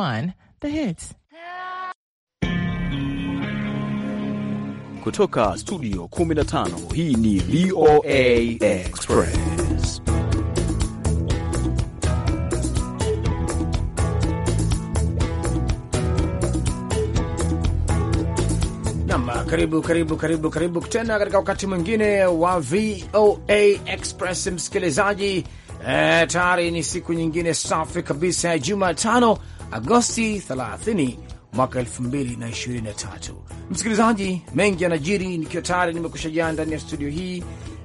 1, the hits. Kutoka studio 15 hii ni VOA Express. karibu karibu karibu karibu tena katika wakati mwingine wa VOA Express, msikilizaji. E, tayari ni siku nyingine safi kabisa ya Jumatano Agosti 30 mwaka 2023. Msikilizaji, mengi yanajiri, nikiwa tayari nimekusha jaa ndani ya studio hii.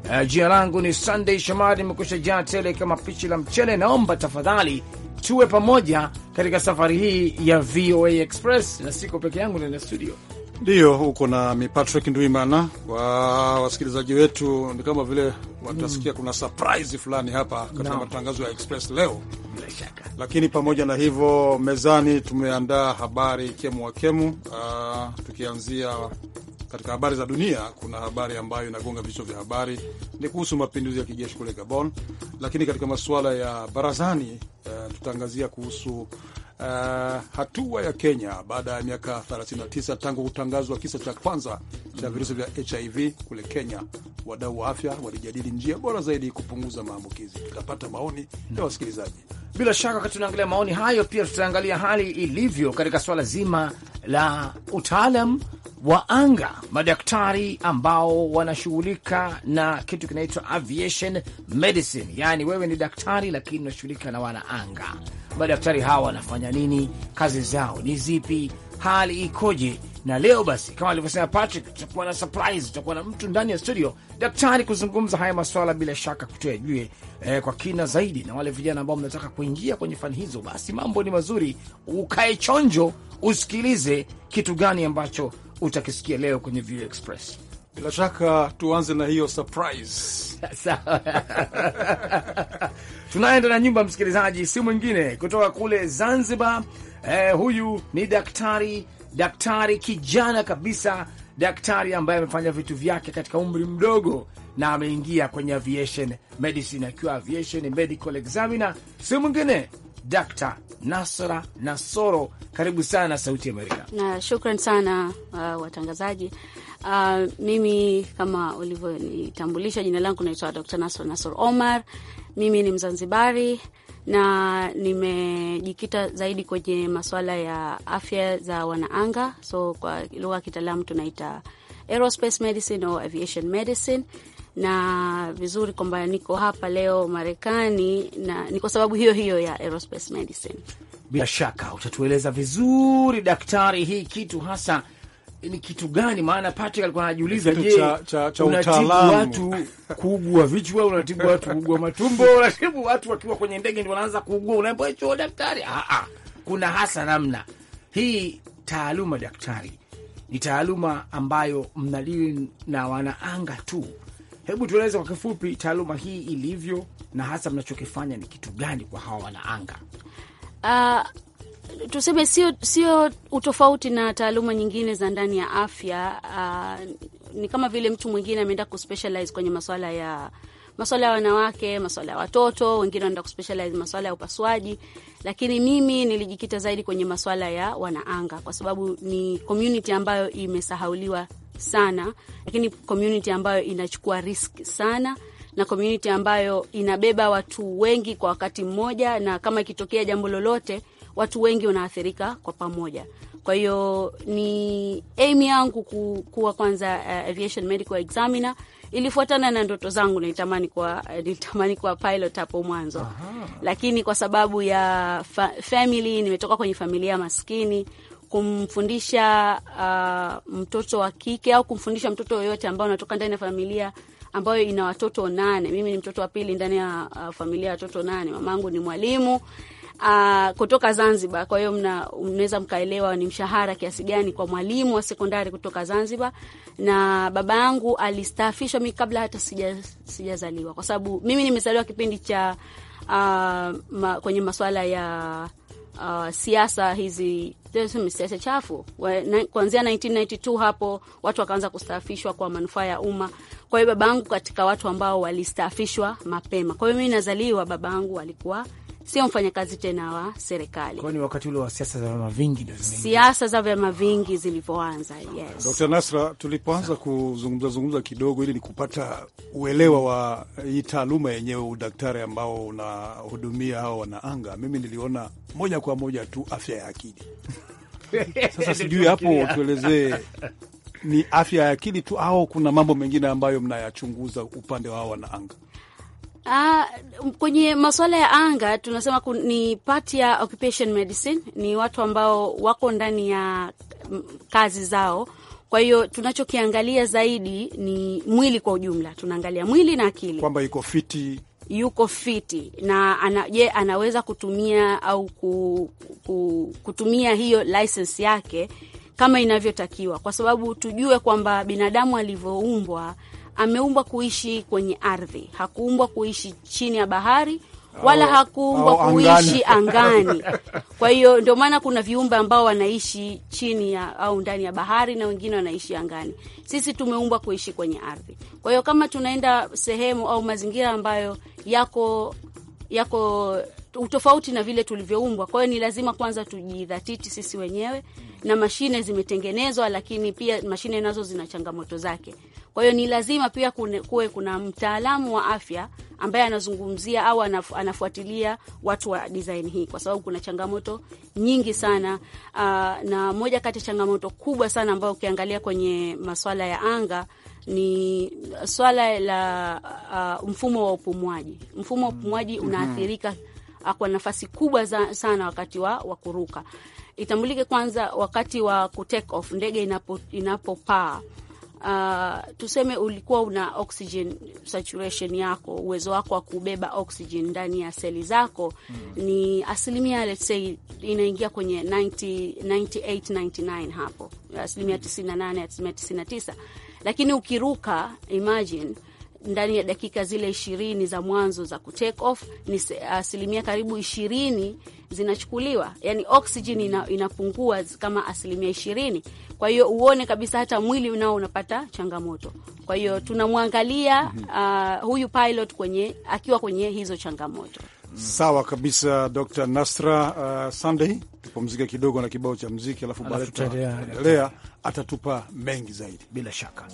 Uh, jina langu ni Sunday Shomari, nimekusha jaa tele kama pichi la mchele. Naomba tafadhali tuwe pamoja katika safari hii ya VOA Express, na siko peke yangu ndani ya studio Ndiyo, huko mi Patrick Ndwimana. Kwa wasikilizaji wetu, ni kama vile mm. watasikia kuna surprise fulani hapa katika no. matangazo ya Express leo bila shaka. Lakini pamoja na hivyo, mezani tumeandaa habari kemu wa kemu. Uh, tukianzia katika habari za dunia, kuna habari ambayo inagonga vichwa vya habari ni kuhusu mapinduzi ya kijeshi kule Gabon, lakini katika masuala ya barazani uh, tutaangazia kuhusu Uh, hatua ya Kenya baada ya miaka 39 tangu kutangazwa kisa cha kwanza cha mm-hmm. virusi vya HIV kule Kenya, wadau wa afya walijadili njia bora zaidi kupunguza maambukizi. Tutapata maoni ya mm-hmm. wasikilizaji. Bila shaka wakati tunaangalia maoni hayo, pia tutaangalia hali ilivyo katika swala zima la utaalam wa anga, madaktari ambao wanashughulika na kitu kinaitwa aviation medicine, yaani wewe ni daktari lakini unashughulika na wana anga. Madaktari hawa wanafanya nini? Kazi zao ni zipi? Hali ikoje? Na leo basi, kama alivyosema Patrick, tutakuwa na surprise, tutakuwa na mtu ndani ya studio daktari kuzungumza haya maswala, bila shaka kutoyajue eh, kwa kina zaidi. Na wale vijana ambao mnataka kuingia kwenye fani hizo, basi mambo ni mazuri, ukae chonjo, usikilize kitu gani ambacho utakisikia leo kwenye View Express. Bila shaka tuanze na hiyo surprise. Tunaenda na nyumba msikilizaji, si mwingine kutoka kule Zanzibar. Eh, huyu ni daktari daktari kijana kabisa, daktari ambaye amefanya vitu vyake katika umri mdogo na ameingia kwenye aviation medicine akiwa aviation medical examiner, si mwingine Dr. Nasra Nasoro. Karibu sana Sauti Amerika. Na shukran sana uh, watangazaji uh, mimi kama ulivyonitambulisha, jina langu naitwa Dr. Nasra Nasor Omar. Mimi ni Mzanzibari na nimejikita zaidi kwenye masuala ya afya za wanaanga, so kwa lugha ya kitaalamu tunaita aerospace medicine au aviation medicine. Na vizuri kwamba niko hapa leo Marekani na ni kwa sababu hiyo hiyo ya aerospace medicine. Bila shaka utatueleza vizuri daktari, hii kitu hasa ni kitu gani? Maana Patrick alikuwa anajiuliza, je, unatibu watu kuugua vichwa, unatibu watu kuugua matumbo, unatibu watu wakiwa kwenye ndege ndio wanaanza kuugua, unaambiwa hicho daktari? Ah, ah, kuna hasa namna hii. Taaluma daktari ni taaluma ambayo mnadili na wanaanga tu. Hebu tueleze kwa kifupi taaluma hii ilivyo, na hasa mnachokifanya ni kitu gani kwa hawa wanaanga? Uh, tuseme sio sio utofauti na taaluma nyingine za ndani ya afya. Uh, ni kama vile mtu mwingine ameenda kuspecialize kwenye maswala ya maswala ya wanawake, maswala ya watoto, wengine wanaenda kuspecialize maswala ya upasuaji, lakini mimi nilijikita zaidi kwenye maswala ya wanaanga kwa sababu ni community ambayo imesahauliwa sana, lakini community ambayo inachukua risk sana na community ambayo inabeba watu wengi kwa wakati mmoja, na kama ikitokea jambo lolote watu wengi wanaathirika kwa pamoja. Kwa hiyo ni aim yangu ku, kuwa kwanza uh, aviation medical examiner ilifuatana na ndoto zangu, nilitamani kuwa nilitamani kuwa pilot hapo mwanzo. Aha. Lakini kwa sababu ya fa family, nimetoka kwenye familia maskini kumfundisha uh, mtoto wa kike au kumfundisha mtoto yoyote ambao anatoka ndani ya familia ambayo ina watoto nane. Mimi ni mtoto wa pili ndani ya uh, familia ya watoto nane. Mamangu ni mwalimu, uh, kutoka Zanzibar. Kwa hiyo mnaweza mkaelewa ni mshahara kiasi gani kwa mwalimu wa sekondari kutoka Zanzibar. Na baba yangu alistaafishwa mi kabla hata sijazaliwa, kwa sababu mimi nimezaliwa kipindi cha uh, ma, kwenye masuala ya uh, siasa hizi siasa chafu kuanzia 1992 hapo watu wakaanza kustaafishwa kwa manufaa ya umma. Kwa hiyo yangu katika watu ambao walistaafishwa mapema. Kwa hiyo mimi nazaliwa, yangu alikuwa sio mfanyakazi tena wa serikali. Kwani wakati ule wa siasa za vyama vingi ndio siasa za vyama vingi zilipoanza. Yes. Dr. Nasra, tulipoanza kuzungumza zungumza kidogo ili ni kupata uelewa wa hii taaluma yenyewe udaktari ambao unahudumia hao wanaanga, mimi niliona moja kwa moja tu afya ya akili. Sasa sijui hapo tuelezee ni afya ya akili tu au kuna mambo mengine ambayo mnayachunguza upande wa hao wanaanga? Uh, kwenye masuala ya anga tunasema ni part ya occupation medicine, ni watu ambao wako ndani ya mm, kazi zao. Kwa hiyo tunachokiangalia zaidi ni mwili kwa ujumla, tunaangalia mwili na akili, kwamba iko fiti yuko fiti na ana, je, anaweza kutumia au ku, ku, kutumia hiyo license yake kama inavyotakiwa, kwa sababu tujue kwamba binadamu alivyoumbwa ameumbwa kuishi kwenye ardhi, hakuumbwa kuishi chini ya bahari wala hakuumbwa kuishi angani. Kwa hiyo ndio maana kuna viumbe ambao wanaishi chini ya au ndani ya bahari na wengine wanaishi angani. Sisi tumeumbwa kuishi kwenye ardhi. Kwa hiyo kama tunaenda sehemu au mazingira ambayo yako yako utofauti na vile tulivyoumbwa, kwa hiyo ni lazima kwanza tujidhatiti sisi wenyewe na mashine zimetengenezwa, lakini pia mashine nazo zina changamoto zake. Kwa hiyo ni lazima pia kuwe kuna mtaalamu wa afya ambaye anazungumzia au anaf, anafuatilia watu wa design hii, kwa sababu kuna changamoto nyingi sana uh, na moja kati ya changamoto kubwa sana ambayo ukiangalia kwenye maswala ya anga ni swala la uh, mfumo wa upumuaji. Mfumo wa upumuaji unaathirika mm-hmm. kwa nafasi kubwa za, sana wakati wa kuruka itambulike kwanza wakati wa kutake off, ndege inapo inapopaa Uh, tuseme ulikuwa una oxygen saturation yako, uwezo wako wa kubeba oxygen ndani ya seli zako mm, ni asilimia let's say inaingia kwenye 90, 98, 99 hapo asilimia 98, asilimia 99, lakini ukiruka imagine ndani ya dakika zile ishirini za mwanzo za kutake off ni asilimia karibu ishirini zinachukuliwa, yani oxygen ina, inapungua kama asilimia ishirini. Kwa hiyo uone kabisa hata mwili unao unapata changamoto. Kwa hiyo tunamwangalia mhm. uh, huyu pilot kwenye akiwa kwenye hizo changamoto Sawa kabisa Dr. Nasra uh, Sunday, tupumzike kidogo na kibao cha mziki, alafu baadaye tutaendelea, atatupa mengi zaidi bila shaka.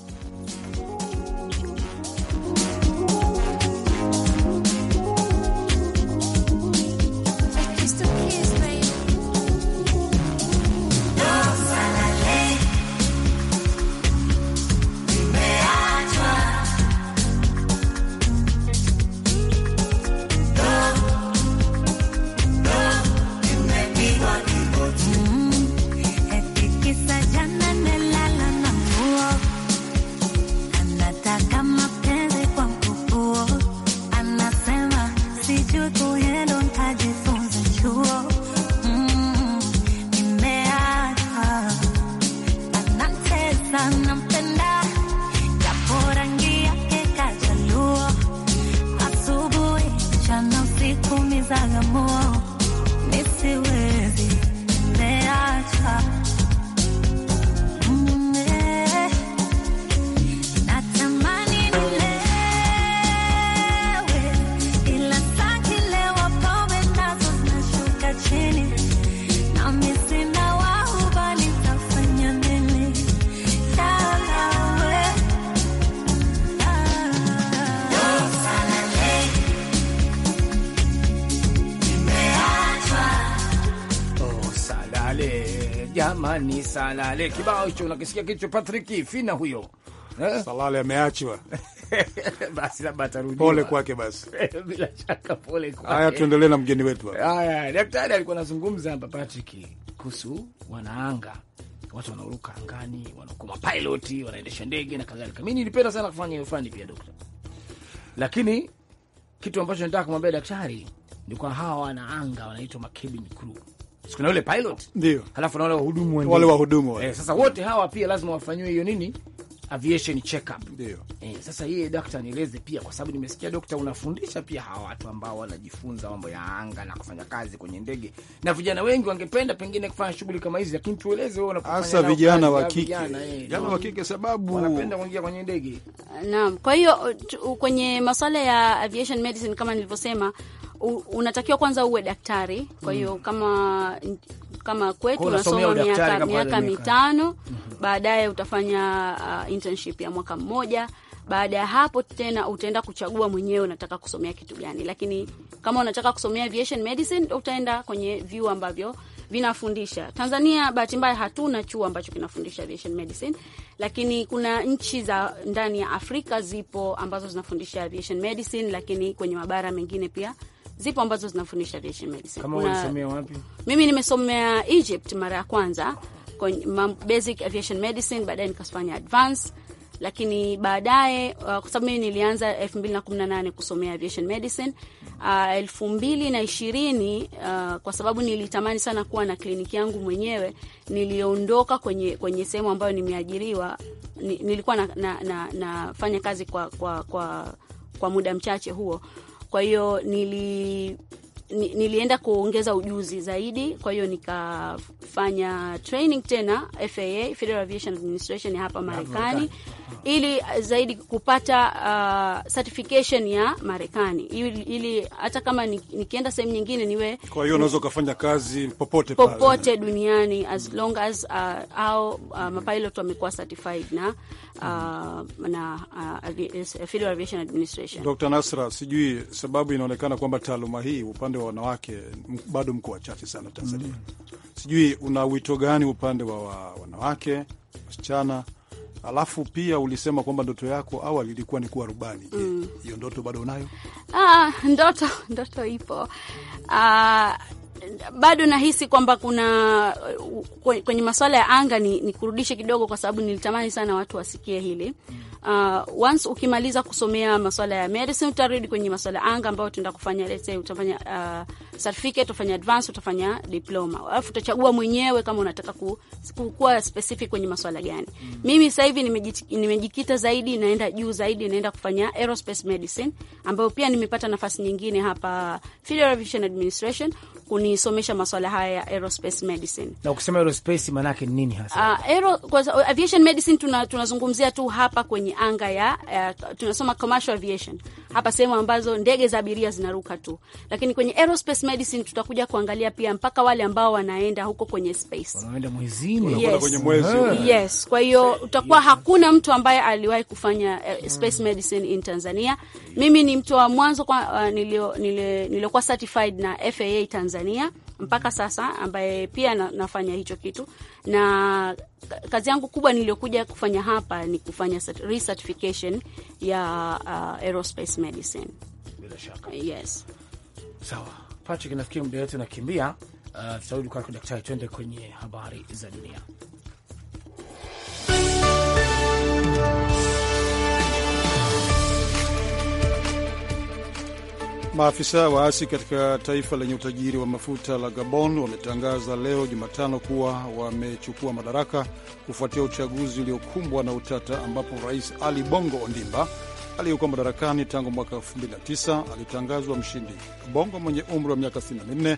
萨拉姆。salale. Kibao hicho unakisikia kicho, Patrick Fina huyo eh? Salale ameachwa basi labda atarudi. Pole kwake basi bila shaka pole kwake. Haya, tuendelee na mgeni wetu hapa. Haya, daktari alikuwa anazungumza hapa Patrick kuhusu wanaanga, watu wanaoruka angani, wanakuwa pilot, wanaendesha ndege na kadhalika. Mimi nilipenda sana kufanya hiyo fani pia dokta, lakini kitu ambacho nataka kumwambia daktari ni kwa hawa wanaanga wanaitwa makabin crew kuna yule pilot ndio, halafu na wale wahudumu wale wahudumu eh. Sasa wote hawa pia lazima wafanyiwe hiyo nini aviation checkup. Ndio. Eh, sasa yeye daktari nieleze pia, kwa sababu nimesikia dokta, unafundisha pia hawa watu ambao wanajifunza mambo ya anga na kufanya kazi kwenye ndege, na vijana wengi wangependa pengine kufanya shughuli kama hizi, lakini tueleze wewe unapofanya hasa vijana wa kike, eh, vijana wa kike, sababu wanapenda kuingia kwenye ndege. Naam, kwa hiyo kwenye masuala ya aviation medicine kama nilivyosema, unatakiwa kwanza uwe daktari. Kwa mm. hiyo mm. kama kama kwetu unasoma miaka, miaka mitano mm -hmm. Baadaye utafanya uh, internship ya mwaka mmoja. Baada ya hapo tena utaenda kuchagua mwenyewe unataka kusomea kitu gani, lakini kama unataka kusomea aviation medicine utaenda kwenye vyuo ambavyo vinafundisha. Tanzania bahati mbaya hatuna chuo ambacho kinafundisha aviation medicine, lakini kuna nchi za ndani ya Afrika zipo ambazo zinafundisha aviation medicine, lakini kwenye mabara mengine pia zipo ambazo zinafundisha medicine. Kama ulisomea wapi? Mimi nimesomea Egypt mara ya kwanza basic aviation medicine, baadaye nikafanya advanced lakini baadaye uh, kwa sababu mimi nilianza elfu mbili na kumi na nane kusomea aviation medicine uh, elfu mbili na ishirini uh, kwa sababu nilitamani sana kuwa na kliniki yangu mwenyewe. Niliondoka kwenye, kwenye sehemu ambayo nimeajiriwa. Nilikuwa nafanya na, na, na kazi kwa, kwa, kwa, kwa muda mchache huo kwa hiyo nili nilienda kuongeza ujuzi zaidi, kwa hiyo nikafanya training tena FAA, Federal Aviation Administration hapa Marekani ili zaidi kupata uh, certification ya Marekani ili, ili hata kama nikienda sehemu nyingine niwe. Kwa hiyo unaweza ukafanya kazi popote popote duniani as long as uh, au uh, mapilot wamekuwa certified na uh, na uh, Federal Aviation Administration. Dr. Nasra, sijui sababu inaonekana kwamba taaluma hii upande wa wanawake bado mko wachache sana Tanzania. Mm. Sijui una wito gani upande wa wanawake, wasichana Alafu pia ulisema kwamba ndoto yako awali ilikuwa ni kuwa rubani. Je, mm. hiyo ndoto bado unayo? Ah, ndoto ndoto ipo. Ah, bado nahisi kwamba kuna kwenye masuala ya anga ni, ni kurudishe kidogo, kwa sababu nilitamani sana watu wasikie hili mm uh, once ukimaliza kusomea masuala ya medicine utarudi kwenye masuala anga ambayo tunaenda kufanya, let's say utafanya uh, certificate, utafanya advance, utafanya diploma, alafu utachagua mwenyewe kama unataka ku, kuwa specific kwenye masuala gani. Mm. Mimi sasa hivi nimejikita zaidi, naenda juu zaidi, naenda kufanya aerospace medicine ambayo pia nimepata nafasi nyingine hapa Federal Aviation Administration kunisomesha masuala haya ya aerospace medicine. Na ukisema aerospace maana yake nini hasa? Uh, aero, kwa, aviation medicine tunazungumzia tuna tu hapa kwenye kwenye anga ya uh, tunasoma commercial aviation hapa, sehemu ambazo ndege za abiria zinaruka tu, lakini kwenye aerospace medicine tutakuja kuangalia pia mpaka wale ambao wanaenda huko kwenye space, wanaenda mwezini, yes. kwenye mwezi yes. Kwa hiyo utakuwa hakuna mtu ambaye aliwahi kufanya uh, space medicine in Tanzania. Mimi ni mtu wa mwanzo kwa uh, niliokuwa nilio certified na FAA Tanzania mpaka sasa, ambaye pia na, nafanya hicho kitu na kazi yangu kubwa niliyokuja kufanya hapa ni kufanya recertification ya uh, aerospace medicine. Bila shaka. Yes. Sawa. Patrick, nafikiri muda wetu nakimbia. Uh, tutarudi daktari, twende kwenye habari za dunia. Maafisa waasi katika taifa lenye utajiri wa mafuta la Gabon wametangaza leo Jumatano kuwa wamechukua madaraka kufuatia uchaguzi uliokumbwa na utata, ambapo Rais Ali Bongo Ondimba aliyekuwa madarakani tangu mwaka 2009 alitangazwa mshindi. Bongo mwenye umri wa miaka 64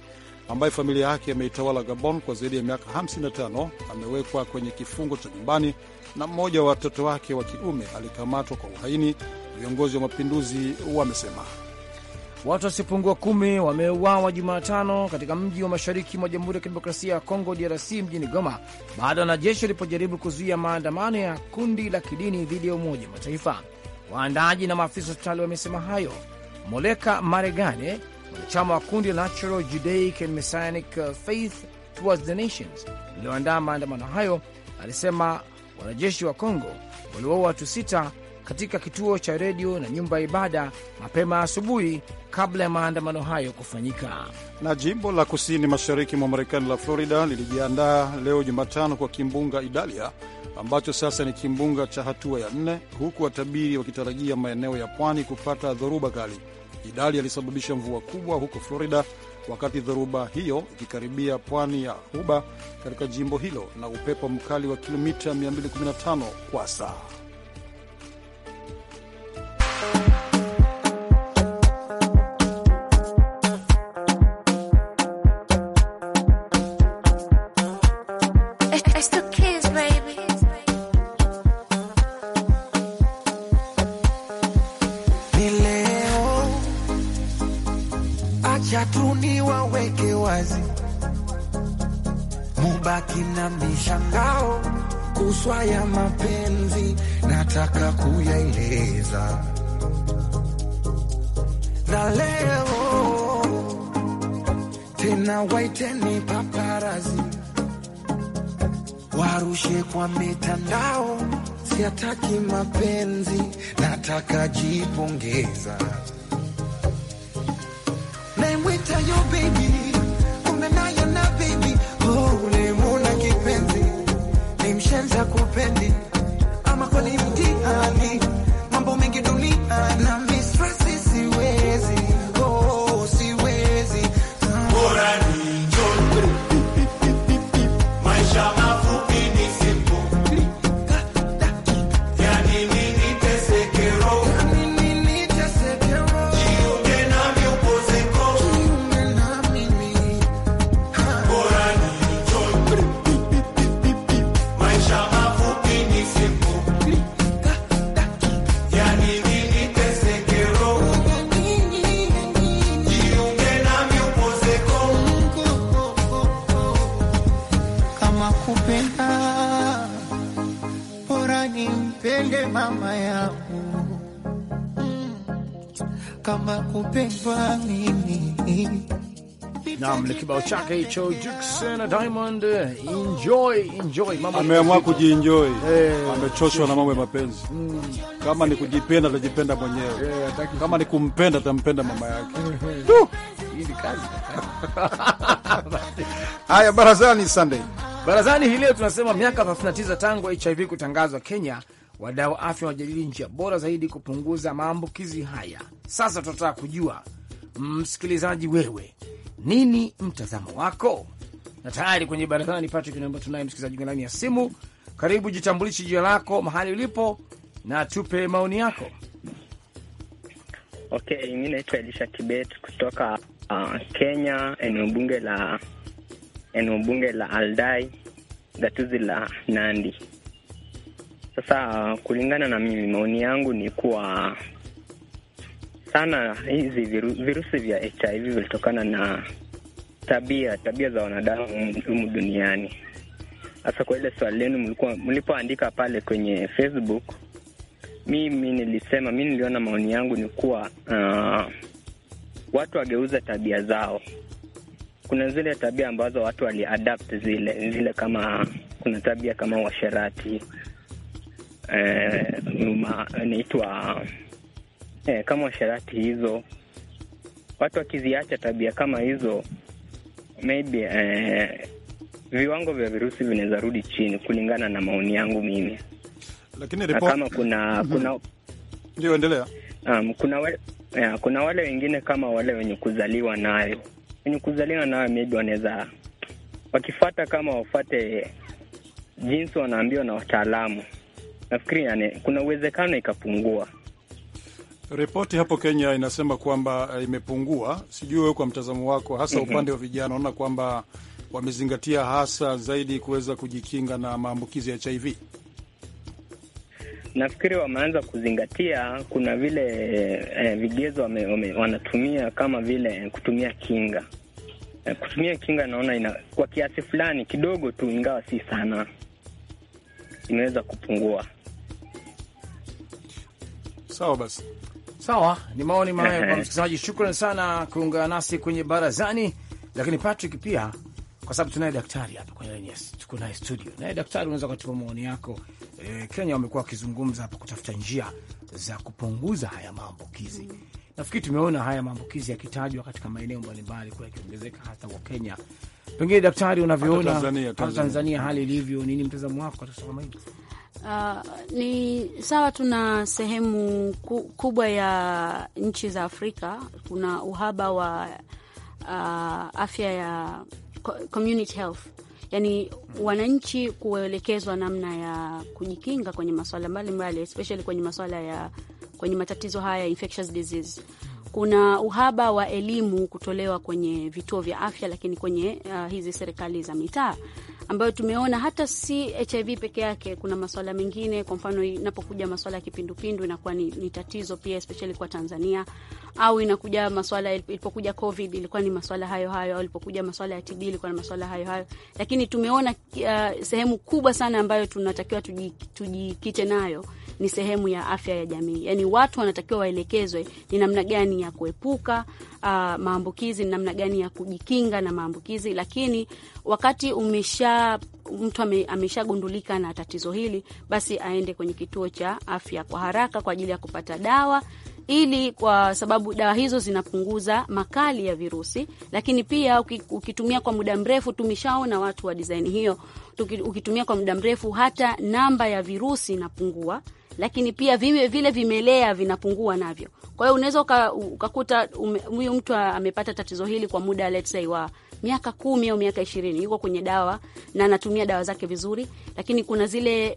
ambaye familia yake ameitawala Gabon kwa zaidi ya miaka 55 amewekwa kwenye kifungo cha nyumbani na mmoja wa watoto wake wa kiume alikamatwa kwa uhaini, viongozi wa mapinduzi wamesema. Watu wasiopungua kumi wameuawa Jumatano katika mji wa mashariki mwa Jamhuri ya Kidemokrasia ya Kongo, DRC, mjini Goma, baada ya wanajeshi walipojaribu kuzuia maandamano ya kundi la kidini dhidi ya Umoja wa Mataifa. waandaji na maafisa wa hospitali wamesema hayo. Moleka Maregane, mwanachama wa kundi la Natural Judaic and Messianic Faith Towards the Nations iliyoandaa maandamano hayo, alisema wanajeshi wa Kongo waliwaua watu sita katika kituo cha redio na nyumba ya ibada mapema asubuhi kabla ya maandamano hayo kufanyika. Na jimbo la kusini mashariki mwa Marekani la Florida lilijiandaa leo Jumatano kwa kimbunga Idalia ambacho sasa ni kimbunga cha hatua ya nne, huku watabiri wakitarajia maeneo ya pwani kupata dhoruba kali. Idalia ilisababisha mvua kubwa huko Florida wakati dhoruba hiyo ikikaribia pwani ya Huba katika jimbo hilo na upepo mkali wa kilomita 215 kwa saa. kina mishangao kuswa ya mapenzi, nataka kuyaeleza na leo tena, waiteni paparazi warushe kwa mitandao, siataki mapenzi, nataka jipongeza, naimwita yo baby ulimuna kipenzi ni mshenza kupendi ama mtihani mambo mengi duniani Naam, ni kibao chake hicho Jux na Diamond, enjoy enjoy. Mama ameamua kujienjoy, eh. amechoshwa na mambo ya mapenzi. mm. Kama ni kujipenda atajipenda mwenyewe, yeah, kama ni kumpenda atampenda mama yake tu. Hii ni kazi. Haya, barazani Sunday. Barazani hii leo tunasema miaka 39 tangu HIV kutangazwa Kenya, wadau afya wanajadili njia bora zaidi kupunguza maambukizi haya. Sasa tunataka kujua msikilizaji, wewe nini mtazamo wako? Na tayari kwenye barazani, Patrick naomba, tunaye msikilizaji kwenye ya simu. Karibu, jitambulishe jina lako, mahali ulipo na tupe maoni yako. Okay, mi naitwa Elisha Kibet kutoka uh, Kenya, eneo bunge la eneo bunge la Aldai, gatuzi la Nandi. Sasa kulingana na mimi, maoni yangu ni kuwa sana hizi viru, virusi vya HIV vilitokana na tabia tabia za wanadamu humu duniani. Sasa kwa ile swali lenu mlikuwa mlipoandika pale kwenye Facebook, mimi nilisema, mi niliona maoni yangu ni kuwa uh, watu wageuza tabia zao. Kuna zile tabia ambazo watu waliadapt zile zile, kama kuna tabia kama uasherati, eh, naitwa uh, eh, kama sharati hizo watu wakiziacha tabia kama hizo maybe eh, viwango vya virusi vinaweza rudi chini, kulingana na maoni yangu mimi. Lakini report... kama kuna mhm. kuna ndio endelea um, kuna, wale yeah, kuna wale wengine kama wale wenye kuzaliwa nayo wenye kuzaliwa nayo maybe wanaweza wakifata kama wafate jinsi wanaambiwa na wataalamu, nafikiri yani, kuna uwezekano ikapungua. Ripoti hapo Kenya inasema kwamba eh, imepungua. Sijui wewe kwa mtazamo wako hasa mhm. upande wa vijana, unaona kwamba wamezingatia hasa zaidi kuweza kujikinga na maambukizi ya HIV? Nafikiri wameanza kuzingatia. Kuna vile eh, vigezo wame, wame, wanatumia kama vile kutumia kinga eh, kutumia kinga naona ina, kwa kiasi fulani kidogo tu, ingawa si sana, imeweza kupungua. Sawa basi. Sawa, ni maoni mahayo kwa msikilizaji. Shukran sana kuungana nasi kwenye barazani, lakini Patrick pia kwa sababu tunaye daktari hapa kwenye yes, tuko naye studio. Naye daktari, unaweza ukatupa maoni yako. E, Kenya wamekuwa wakizungumza hapa kutafuta njia za kupunguza haya maambukizi. Nafikiri tumeona haya maambukizi yakitajwa katika maeneo mbalimbali kuwa yakiongezeka hata kwa Kenya. Pengine daktari, unavyoona Tanzania, Tanzania, Tanzania hali ilivyo, nini mtazamo wako katika swala hili? Uh, ni sawa, tuna sehemu kubwa ya nchi za Afrika kuna uhaba wa uh, afya ya community health, yani wananchi kuelekezwa namna ya kujikinga kwenye maswala mbalimbali, especially kwenye maswala ya kwenye matatizo haya infectious disease kuna uhaba wa elimu kutolewa kwenye vituo vya afya, lakini kwenye uh, hizi serikali za mitaa ambayo tumeona hata si HIV peke yake, kuna maswala mengine. Kwa mfano, inapokuja maswala ya kipindupindu inakuwa ni, ni tatizo pia, especially kwa Tanzania, au inakuja maswala, ilipokuja COVID ilikuwa ni maswala hayo hayo, au ilipokuja maswala ya TB ilikuwa ni maswala hayo hayo. Lakini tumeona uh, sehemu kubwa sana ambayo tunatakiwa tujikite nayo ni sehemu ya afya ya jamii. Yani watu wanatakiwa waelekezwe ni namna gani ya kuepuka uh, maambukizi, ni namna gani ya kujikinga na maambukizi. Lakini wakati umesha mtu ameshagundulika na tatizo hili, basi aende kwenye kituo cha afya kwa haraka kwa ajili ya kupata dawa ili kwa sababu dawa hizo zinapunguza makali ya virusi, lakini pia ukitumia kwa muda mrefu, tumeshaona watu wa disaini hiyo, ukitumia kwa muda mrefu, hata namba ya virusi inapungua lakini pia vime, vile vimelea vinapungua navyo. Kwa hiyo unaweza ukakuta huyu mtu amepata tatizo hili kwa muda let's say wa miaka kumi au miaka ishirini yuko kwenye dawa na anatumia dawa zake vizuri, lakini kuna zile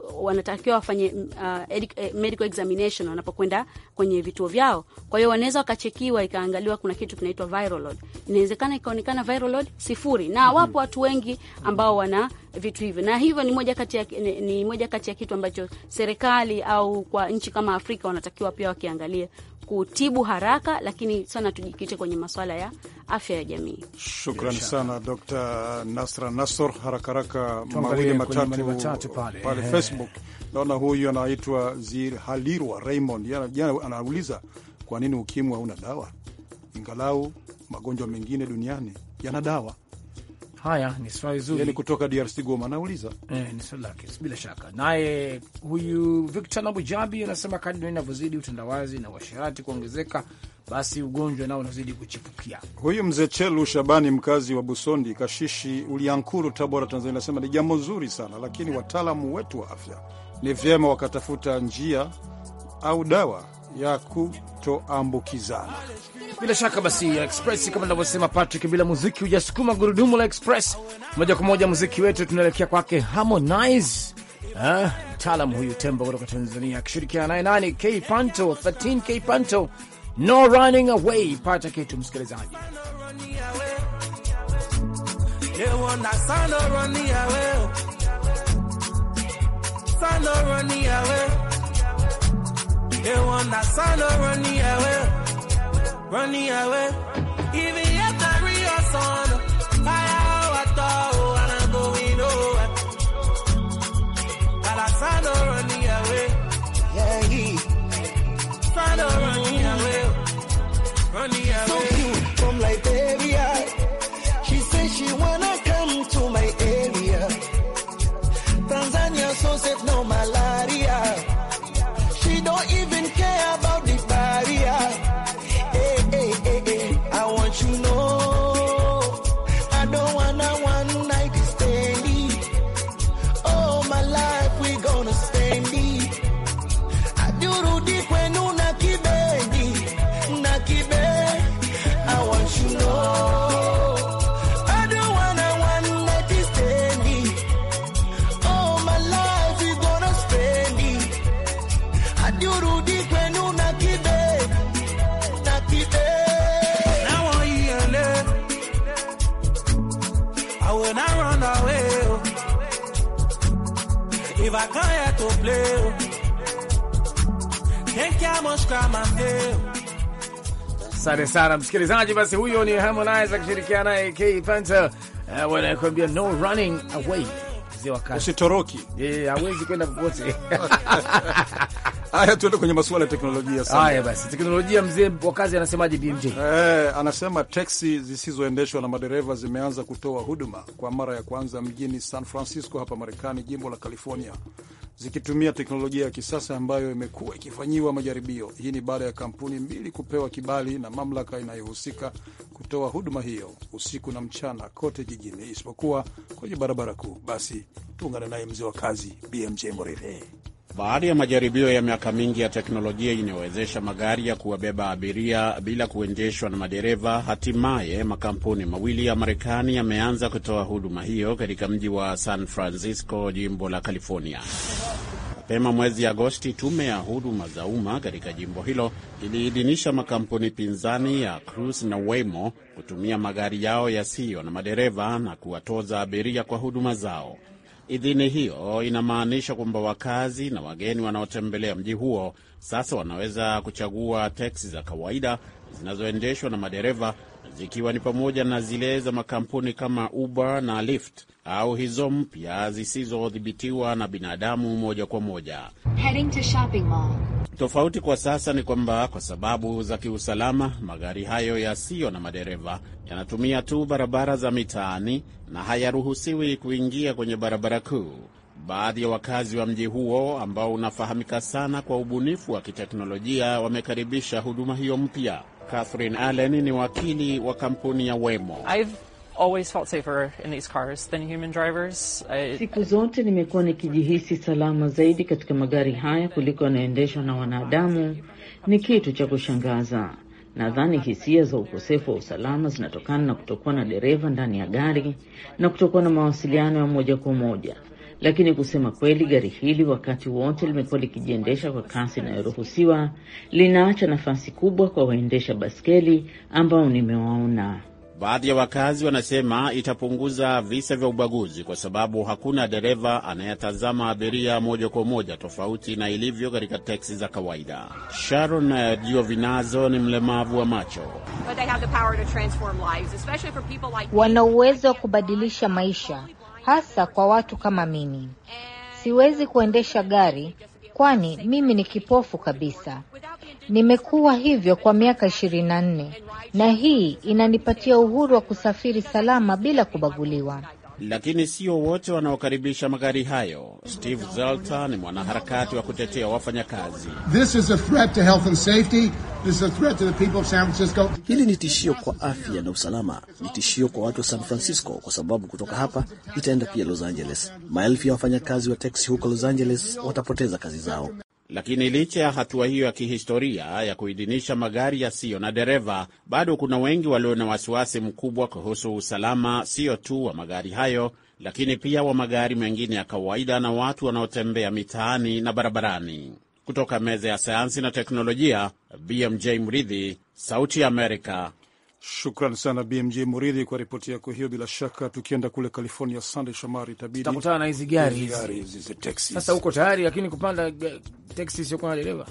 uh, wanatakiwa wafanye uh, eh, medical examination wanapokwenda kwenye vituo vyao. Kwa hiyo wanaweza wakachekiwa, ikaangaliwa kuna kitu kinaitwa viral load, inawezekana ikaonekana viral load sifuri, na mm-hmm. wapo watu wengi ambao wana vitu hivyo, na hivyo ni moja kati ya, ni, ni moja kati ya kitu ambacho serikali au kwa nchi kama Afrika wanatakiwa pia wakiangalie kutibu haraka, lakini sana tujikite kwenye maswala ya afya ya jamii. shukran sana Dkt. Nasra Nasor. Haraka haraka mawili matatu, pale, pale Facebook naona huyu anaitwa Halirwa Raymond, jana anauliza kwa nini ukimwi hauna dawa, ingalau magonjwa mengine duniani yana dawa. Haya ni swali zuri, Yani kutoka DRC Goma, anauliza. eh, ni swali lake bila shaka. Naye huyu Victor Nabujabi anasema kadri inavyozidi utandawazi na washirati kuongezeka basi ugonjwa nao unazidi kuchipukia. Huyu mzee Chelu Shabani, mkazi wa Busondi Kashishi, Uliankuru, Tabora, Tanzania, anasema ni jambo zuri sana, lakini wataalamu wetu wa afya ni vyema wakatafuta njia au dawa ya kutoambukizana. Bila shaka basi, Express kama inavyosema Patrick, bila muziki hujasukuma gurudumu la Express. Moja kwa moja muziki wetu tunaelekea kwake Harmonize, ah, mtaalam huyu tembo kutoka Tanzania, akishirikiana naye nani, K Panto 13 K Panto, no running away. Pata kitu msikilizaji They want that sign to run the away, run the away. Even if I real son, fire I thought, and I'm going That sign to run the away, yeah, he. Sign to run the away, run the away. I will not run away. Oh. If I come here to play, oh. Think I must cry my fail. Asante sana msikilizaji, basi huyo ni Harmonize akishirikiana naye K Panta, uh, eh, wanakuambia no running away. Usitoroki. Eh, hawezi kwenda popote. Haya, tuende kwenye masuala ya teknolojia sasa. Haya basi, teknolojia mzee wa kazi anasemaje BMJ? Eh, anasema teksi zisizoendeshwa na madereva zimeanza kutoa huduma kwa mara ya kwanza mjini San Francisco hapa Marekani, jimbo la California, zikitumia teknolojia ya kisasa ambayo imekuwa ikifanyiwa majaribio. Hii ni baada ya kampuni mbili kupewa kibali na mamlaka inayohusika kutoa huduma hiyo usiku na mchana kote jijini isipokuwa kwenye barabara kuu. Basi tuungane naye mzee wa kazi BMJ Morire. Baada ya majaribio ya miaka mingi ya teknolojia inayowezesha magari ya kuwabeba abiria bila kuendeshwa na madereva, hatimaye makampuni mawili ya Marekani yameanza kutoa huduma hiyo katika mji wa San Francisco, jimbo la California. Mapema mwezi Agosti, tume ya huduma za umma katika jimbo hilo iliidhinisha makampuni pinzani ya Cruise na Waymo kutumia magari yao yasiyo na madereva na kuwatoza abiria kwa huduma zao. Idhini hiyo inamaanisha kwamba wakazi na wageni wanaotembelea mji huo sasa wanaweza kuchagua teksi za kawaida zinazoendeshwa na madereva zikiwa ni pamoja na zile za makampuni kama Uber na Lyft au hizo mpya zisizodhibitiwa na binadamu moja kwa moja. Tofauti kwa sasa ni kwamba kwa sababu za kiusalama, magari hayo yasiyo na madereva yanatumia tu barabara za mitaani na hayaruhusiwi kuingia kwenye barabara kuu. Baadhi ya wakazi wa mji huo ambao unafahamika sana kwa ubunifu wa kiteknolojia wamekaribisha huduma hiyo mpya. Catherine Allen ni wakili wa kampuni ya Wemo. I've Siku zote nimekuwa nikijihisi salama zaidi katika magari haya kuliko yanayoendeshwa na wanadamu. Ni kitu cha kushangaza. Nadhani hisia za ukosefu wa usalama zinatokana na kutokuwa na dereva ndani ya gari na kutokuwa na mawasiliano ya moja kwa moja lakini kusema kweli, gari hili wakati wote limekuwa likijiendesha kwa kasi inayoruhusiwa, linaacha nafasi kubwa kwa waendesha baskeli ambao nimewaona. Baadhi ya wakazi wanasema itapunguza visa vya ubaguzi kwa sababu hakuna dereva anayetazama abiria moja kwa moja, tofauti na ilivyo katika teksi za kawaida. Sharon eh, Giovinazzo ni mlemavu wa macho. Wana uwezo wa kubadilisha maisha hasa kwa watu kama mimi. Siwezi kuendesha gari kwani mimi ni kipofu kabisa. Nimekuwa hivyo kwa miaka ishirini na nne na hii inanipatia uhuru wa kusafiri salama bila kubaguliwa lakini sio wote wanaokaribisha magari hayo. Steve Zelta ni mwanaharakati wa kutetea wafanyakazi. Hili ni tishio kwa afya na usalama, ni tishio kwa watu wa San Francisco kwa sababu kutoka hapa itaenda pia Los Angeles. Maelfu ya wafanyakazi wa teksi huko Los Angeles watapoteza kazi zao. Lakini licha ya hatua hiyo ya kihistoria ya kuidhinisha magari yasiyo na dereva, bado kuna wengi walio na wasiwasi mkubwa kuhusu usalama, sio tu wa magari hayo, lakini pia wa magari mengine ya kawaida na watu wanaotembea mitaani na barabarani. Kutoka meza ya sayansi na teknolojia, BMJ Mridhi, Sauti ya Amerika, Shukran sana BMJ Muridhi kwa ripoti yako hiyo. Bila shaka tukienda kule California, Sande Shomari, itabidi tutakutana na hizi gari hizi Sasa uko tayari, lakini kupanda teksi sio na dereva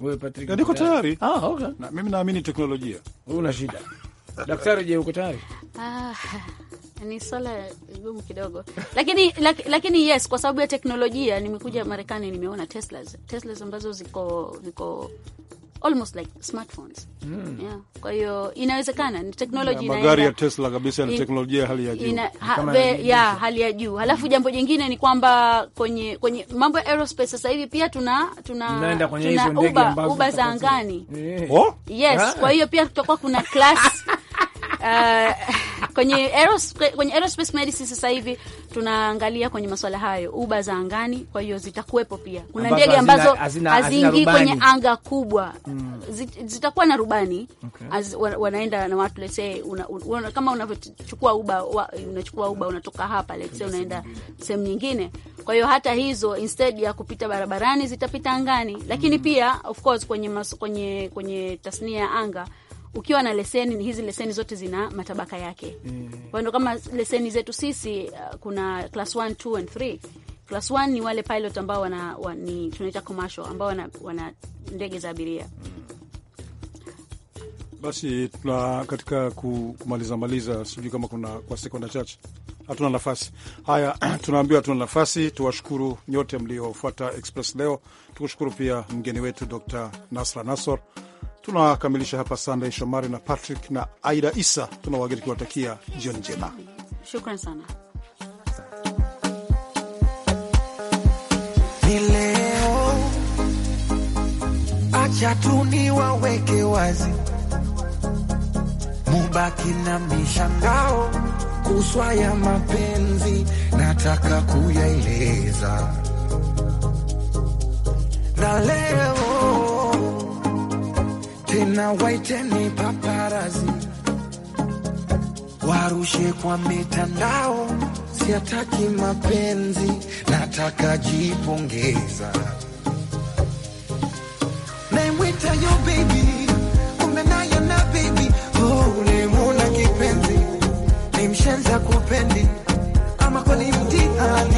wewe, Patrick? Niko tayari. Ah, okay. Na mimi naamini teknolojia. Wewe una shida. Daktari, je, uko tayari? Ah, ni swala gumu kidogo lakini, lak, lakini yes, kwa sababu ya teknolojia nimekuja Marekani, nimeona Teslas, Teslas ambazo ziko ziko almost like smartphones mm. yeah. Kwa hiyo inawezekana ni technology yeah, magari ya Tesla kabisa ni teknolojia ya hali ya juu ina, ha, be, ya hali ya juu halafu jambo jingine ni kwamba kwenye kwenye mambo ya aerospace sasa hivi pia tuna tuna tunaenda kwenye tuna uba, uba za angani yeah. oh? yes ha? kwa hiyo pia tutakuwa kuna class Uh, kwenye aerospace, kwenye aerospace medicine sasa hivi tunaangalia kwenye masuala hayo, uba za angani. Kwa hiyo zitakuwepo pia, kuna ndege ambazo haziingii kwenye anga kubwa mm. zitakuwa na rubani okay. Az, wanaenda na watu let's say una, una, kama unavyochukua uba wa, unachukua uba unatoka hapa let's say unaenda sehemu nyingine. Kwa hiyo hata hizo instead ya kupita barabarani zitapita angani, lakini mm. pia of course kwenye, mas, kwenye, kwenye tasnia ya anga ukiwa na leseni, hizi leseni zote zina matabaka yake mm. Kwa hiyo kama leseni zetu sisi uh, kuna class 1, 2 and 3. Class 1 ni wale pilot ambao wana, wana, tunaita commercial ambao wana, wana ndege za abiria mm. Basi tuna katika kumaliza maliza, sijui kama kuna kwa sekonda chache, hatuna nafasi. Haya, tunaambiwa hatuna nafasi. Tuwashukuru nyote mliofuata Express leo, tukushukuru pia mgeni wetu Dr Nasra Nassor. Tunakamilisha hapa Sandey Shomari na Patrick na Aida Isa, tunawageni kuwatakia jioni njema. Shukran sana. Ni leo, acha tu wazi, mubaki na mishangao kuswa ya mapenzi, nataka kuyaeleza na leo tena waiteni paparazi warushe kwa mitandao, siataki mapenzi, nataka jipongeza. Naimwita yo baby, kumbe na baby, oh, kipenzi, nimshenza kupendi ama kwani mtihani